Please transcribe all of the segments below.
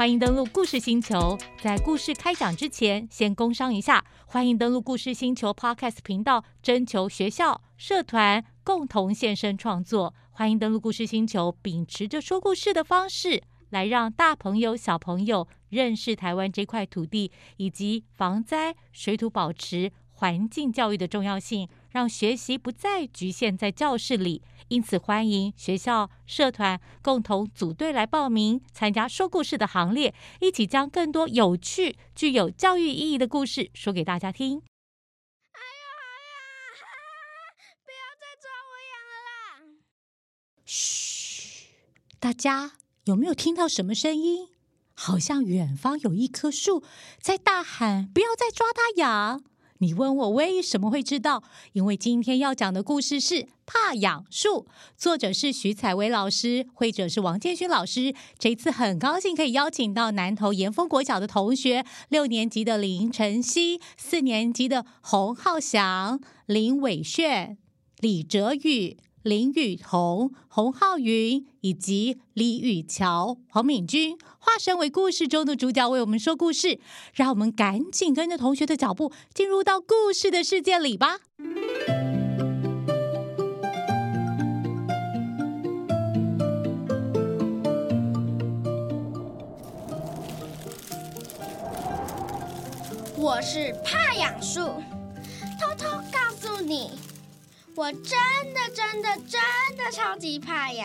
歡迎登錄故事星球。在故事開講之前，先工商一下：歡迎登錄故事星球 Podcast 頻道，徵求學校、社團共同現身創作。歡迎登錄故事星球，秉持着說故事的方式來讓大朋友、小朋友認識台灣這塊土地，以及防災、水土保持、環境教育的重要性。讓學習不再局限在教室裡，因此歡迎學校、社團共同組隊來報名參加說故事的行列，一起將更多有趣、具有教育意義的故事說給大家聽。哎呀哎呀！不要再抓我癢了啦！噓，大家有沒有聽到什麼聲音？好像遠方有一棵樹在大喊：“不要再抓它癢！”你問我為什麼會知道？因為今天要講的故事是《怕癢樹》，作者是徐采薇老師，繪者是王建勳老師。這次很高興可以邀請到南投炎峰國小的同學：六年級的林宸熙、四年級的洪浩翔、林暐玹、李哲宇。林瑀彤、洪浩雲以及李瑀蕎、黃品鈞化身為故事中的主角，為我們說故事。讓我們趕緊跟着同學的腳步，進入到故事的世界裡吧！我是怕癢樹。我真的真的真的超級怕癢，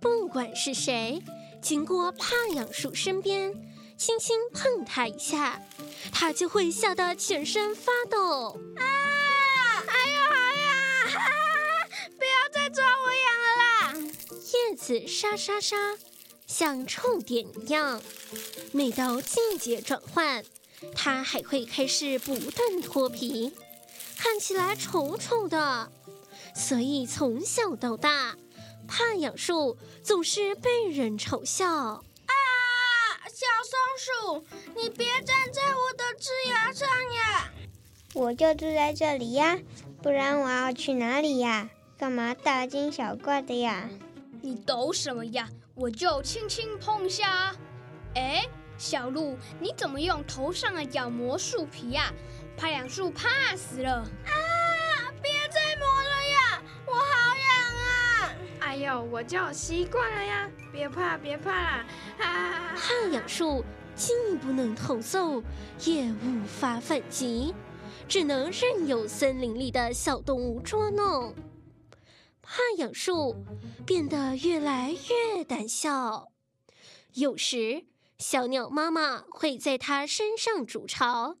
不管是誰經過怕癢樹身邊，輕輕碰它一下，它就會嚇得全身發抖。啊！哎呦好癢，哎呀、啊！不要再抓我癢了啦！葉子沙沙沙，像臭點一樣。每到季節轉換，它還會開始不斷脫皮，看起來醜醜的。所以從小到大，怕癢樹總是被人嘲笑。啊，小松鼠，你別站在我的枝丫上呀！我就住在這裡呀，不然我要去哪裡呀？幹嘛大驚小怪的呀？你抖什麼呀？我就輕輕碰一下，啊。哎，小鹿，你怎麼用頭上的角磨樹皮呀，啊？怕癢樹怕死了。哎呦，我就習慣了呀！別怕，別怕啦！哈，哈，哈，哈。怕癢樹既不能逃走，也無法反擊，只能任由森林裡的小動物捉弄。怕癢樹變得越來越膽小，有時小鳥媽媽會在它身上築巢。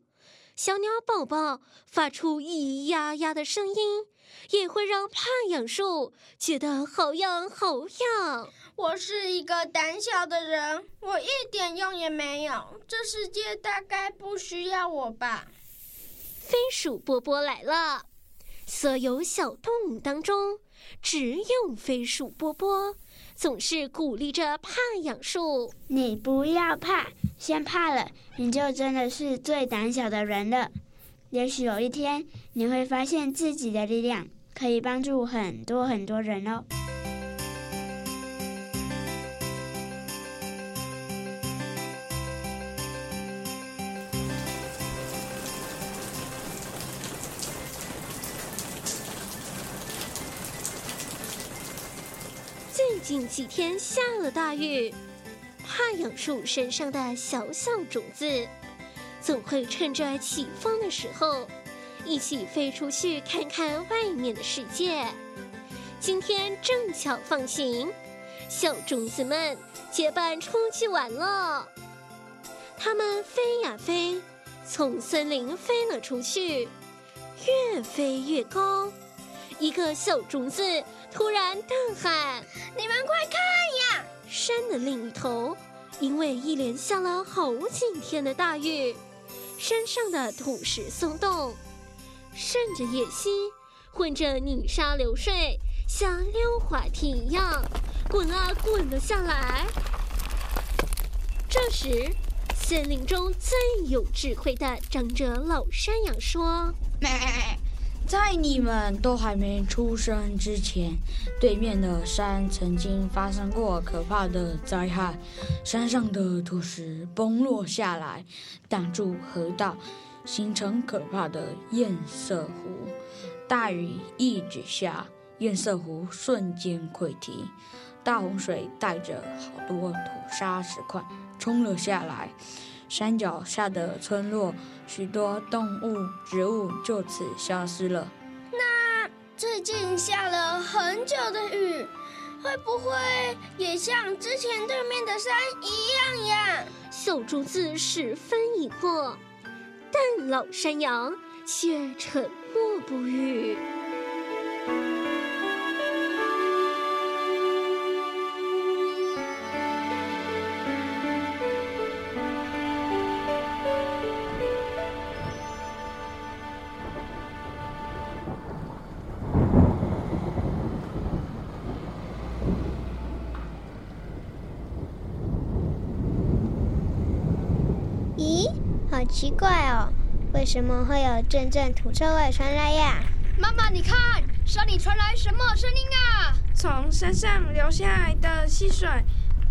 小鳥寶寶發出咿咿呀呀的聲音，也會讓怕癢樹覺得好癢好癢。我是一個膽小的人，我一點用也沒有，這世界大概不需要我吧？飛鼠波波來了。所有小動物當中，只有飛鼠波波總是鼓勵着怕癢樹。你不要怕，先怕了，你就真的是最膽小的人了。也許有一天，你會發現自己的力量可以幫助很多很多人哦。”近幾天下了大雨，怕癢樹身上的小小種子，總會趁着起風的時候，一起飛出去看看外面的世界。今天正巧放晴，小種子們結伴出去玩了。它們飛呀、啊、飛，從森林飛了出去，越飛越高。一個小種子。突然大喊：“你們快看呀！山的另一頭，因為一連下了好幾天的大雨，山上的土石鬆動，順着野溪，混着泥沙流水，像溜滑梯一樣，滾啊滾了下來。”這時，森林中最有智慧的長者老山羊說：“咩。”在你們都還沒出生之前，對面的山曾經發生過可怕的災害，山上的土石崩落下來，擋住河道，形成可怕的堰塞湖。大雨一直下，堰塞湖瞬間潰堤，大洪水帶着好多土砂石塊衝了下來。山腳下的村落，許多動物、植物就此消失了。「那最近下了很久的雨，會不會也像之前對面的山一樣呀？」小竹子十分疑惑，但老山羊卻沉默不語。奇怪哦，為什麼會有陣陣土臭味傳來呀？媽媽，你看，山裡傳來什麼聲音啊？從山上流下來的溪水，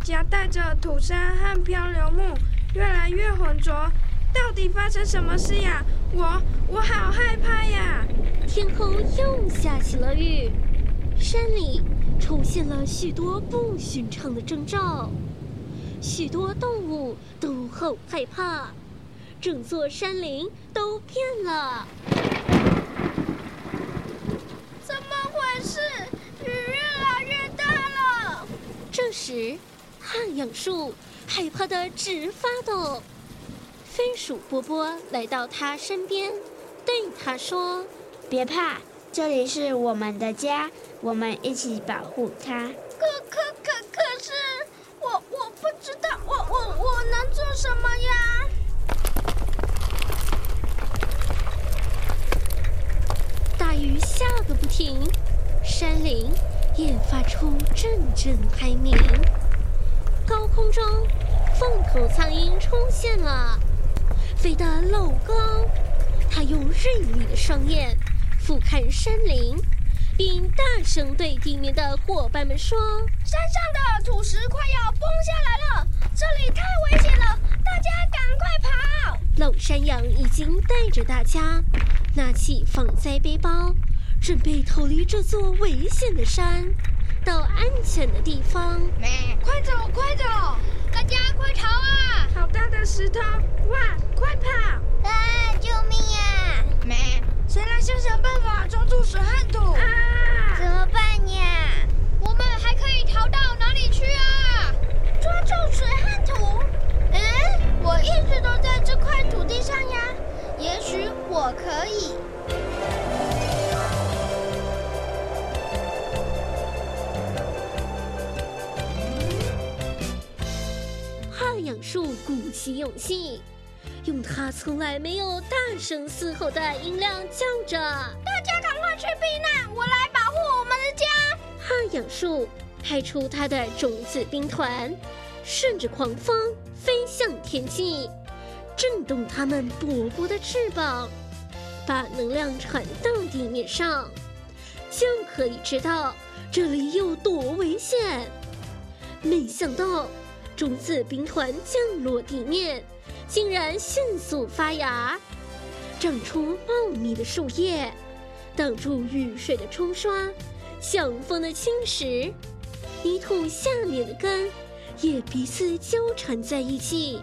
夾帶着土沙和漂流木，越來越渾濁。到底發生什麼事呀？我我好害怕呀！天空又下起了雨，山裡出現了許多不尋常的徵兆，許多動物都很害怕。整座山林都變了，怎麼回事？雨越來越大了。這時，怕癢樹害怕得直發抖。飛鼠波波來到他身邊，對他說：“別怕，這裡是我們的家，我們一起保護它。”可可可可是，我我不知道，我我我能做什麼呀？停，山林，也發出陣陣哀鳴。高空中，鳳頭蒼鷹出現了，飛得老高。它用銳利的雙眼俯瞰山林，並大聲對地面的夥伴們說：“山上的土石快要崩下來了，這裡太危險了，大家趕快跑！”老山羊已經帶着大家，拿起防災背包。準備逃離這座危險的山，到安全的地方。媽快走，快走！大家快逃啊！好大的石頭！哇，快跑！啊，救命啊！沒媽，誰來想想辦法，抓住水和土啊？怎麼辦呀？我們還可以逃到哪裡去啊？抓住水和土？嗯，我一直都在這塊土地上呀。也許我可以。鼓起勇氣，用他從來沒有大聲嘶吼的音量叫着：“大家趕快去避難，我來保護我們的家。”怕癢樹派出它的種子兵團，順着狂風飛向天際，震動它們薄薄的翅膀，把能量傳到地面上，就可以知道這裡有多危險。沒想到。種子兵團降落地面，竟然迅速發芽，長出茂密的樹葉，擋住雨水的沖刷，像風的侵蝕。泥土下面的根也彼此糾纏在一起，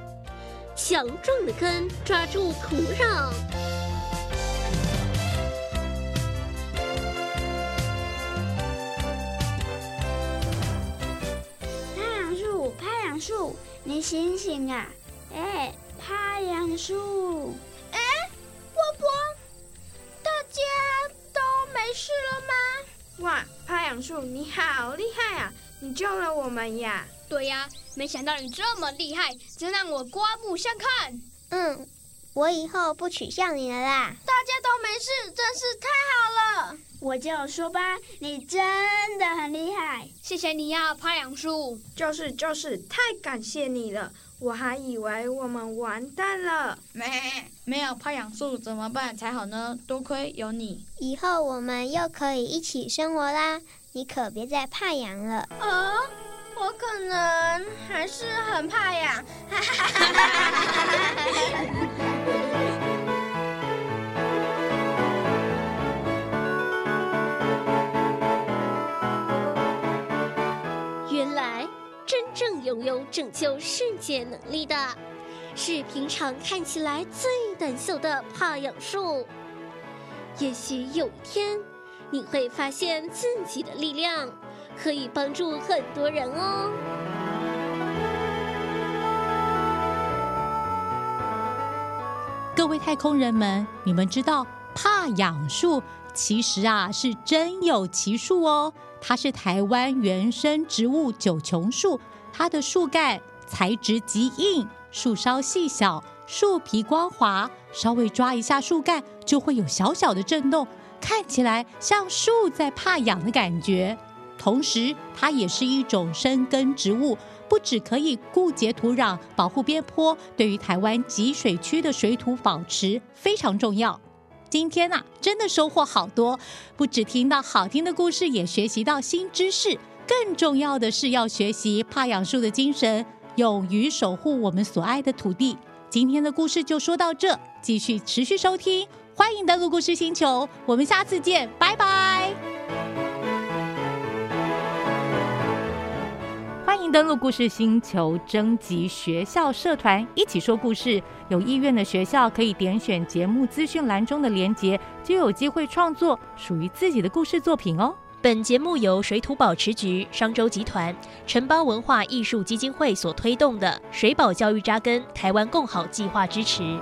強壯的根抓住土壤。樹，你醒醒啊！哎、欸，怕癢樹！哎、欸，波波，大家都沒事了嗎？哇，怕癢樹你好厲害啊！你救了我們呀！對呀、啊，沒想到你這麼厲害，真讓我刮目相看。嗯，我以後不取笑你了啦。大家都沒事，真是太好了。我就說吧，你真的很厲害，謝謝你要怕癢樹。就是就是，太感謝你了，我還以為我們完蛋了，沒沒有怕癢樹怎麼辦才好呢？多虧有你，以後我們又可以一起生活啦，你可別再怕癢了。哦，我可能還是很怕癢，哈哈哈哈哈哈。擁有拯救世界能力的，是平常看起來最短袖的怕癢樹。也許有一天，你會發現自己的力量可以幫助很多人哦。各位太空人們，你們知道怕癢樹其實啊是真有其樹哦，它是台灣原生植物九芎樹。它的樹幹材質極硬，樹梢細小，樹皮光滑，稍微抓一下樹幹就會有小小的震動，看起來像樹在怕癢的感覺。同時，它也是一種生根植物，不只可以固結土壤、保護邊坡，對於台灣集水區的水土保持非常重要。今天啊，真的收穫好多，不只聽到好聽的故事，也學習到新知識。更重要的是要學習怕癢樹的精神，勇於守護我們所愛的土地。今天的故事就說到這，繼續持續收聽。歡迎登陸故事星球，我們下次見，拜拜。歡迎登陸故事星球，徵集學校社團一起說故事。有意願的學校可以點選節目資訊欄中的鏈接，就有機會創作屬於自己的故事作品哦。本節目由水土保持局、商周集團、城邦文化藝術基金會所推動的“水保教育扎根台灣共好計劃”支持。